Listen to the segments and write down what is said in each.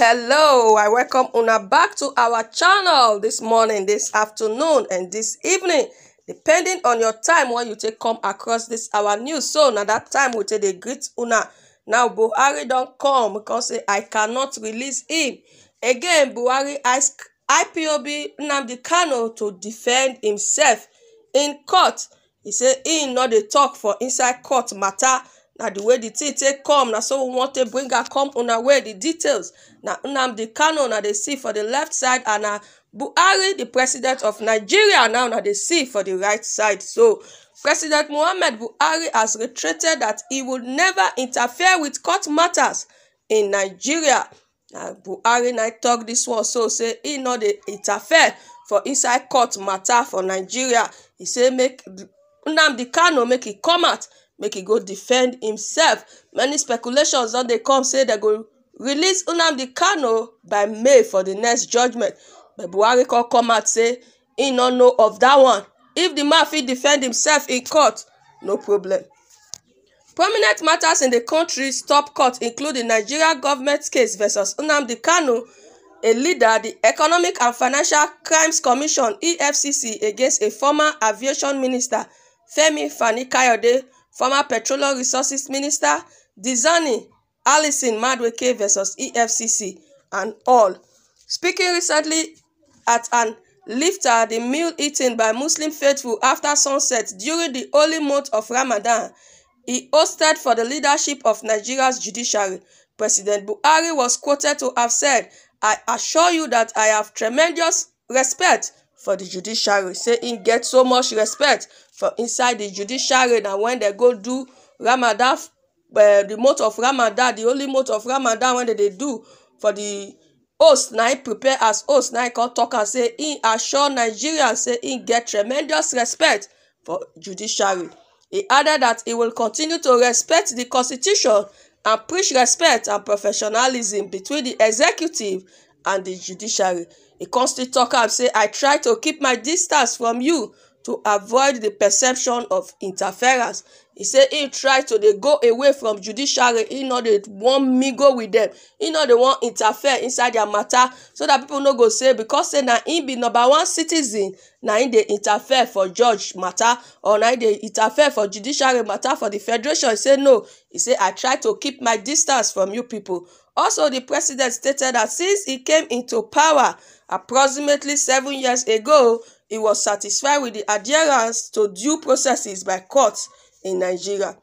hello i welcome una back to our channel this morning this afternoon and this evening depending on your time when you take come across this our news so now that time we take dey great una now buhari don't come because i cannot release him again buhari ask ipob nnamdi kano to defend himself in court He say he not the talk for inside court matter na the way the tin take come na so we want to bring her come una way di details na nnamdi kano na dey see for the left side and na buhari the president of nigeria now na dey see for the right side so president muhammad buhari has reiterated that he would never interfere with court matters in nigeria na buhari na talk this one so say he no dey interfere for inside court matter for nigeria He say make nnamdi kano make e come out make e go defend himself many speculations don dey come say dem go release nnamdi kano by may for di next judgement but buhari come come out say e no know of dat one if di man fit defend himself in court no problem prominent matters in di kontri top court include including nigeria government case versus nnamdi kanu a leader di economic and financial crimes commission efcc against a former aviation minister femi fani-kayode former petroleum resources minister Dizzani Alison Madueke versus EFCC and all. Speaking recently at an liftar the meal eaten by Muslim faithful after sunset during the holy month of Ramadan, he hosted for the leadership of Nigeria's judiciary. President Buhari was quoted to have said, I assure you that I have tremendous respect for the judiciary say im get so much respect for inside the judiciary na when dem go do ramadan eh, the month of ramadan the holy month of ramadan when dem dey do for the host na im prepare as host na im come talk am say im assure nigerians say im get tremendous respect for judiciary e added that e will continue to respect di constitution and preach respect and professionalism between di executive and the judiciary he constantly still am say i try to keep my distance from you to avoid the perception of interference He say he try to dey go away from judiciary He no dey wan mingle with them. He no dey wan interfere inside their matter so that people no go say because say na im be number one citizen na im dey interfere for judge matter or na im dey interfere for judiciary matter for the federation He say no He say i try to keep my distance from you people. also the president stated that since he came into power approximately seven years ago he was satisfied with the adherence to due processes by courts in nigeria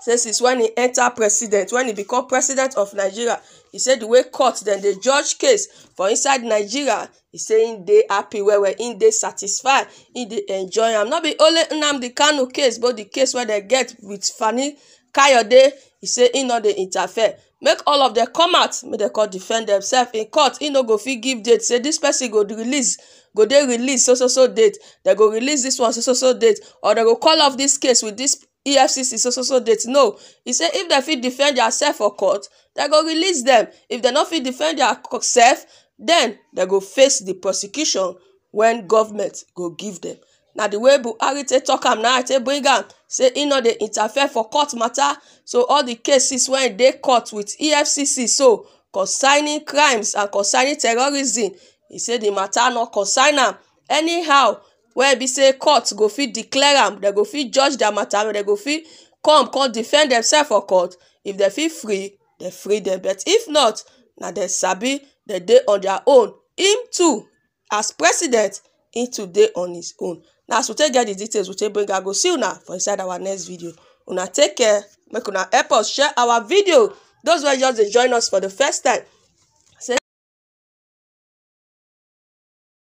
say since when he enter president when he become president of nigeria he say the way court dem dey judge case for inside nigeria He say im dey happy well well im dey satisfied im dey enjoy am no be only nnamdi kanu case but the case wey dem get wit fani kayode he say im no dey interfere make all of them come out make dem come defend themselves in court e no go fit give date say this person go release go dey release so so so date They go release this one so so so date or they go call off this case with this efcc so so so date no he say if they fit defend diasef for court they go release them. if they no fit defend diasef then they go face the prosecution when government go give them. na the way buhari take talk, am na i take bring am say e no dey interfere for court matter so all the cases wey dey court with efcc so concerning crimes and concerning terrorism e say the matter no concern am anyhow wey be say court go fit declare am dem go fit judge dia matter dem go fit come come defend themselves for court if dem fit free dem free dem but if not na dem sabi dem dey on their own im too as president him too on his own Now, as take get the details we take bring i go see now for inside our next video una take care make una help us share our video those wey just join us for the first time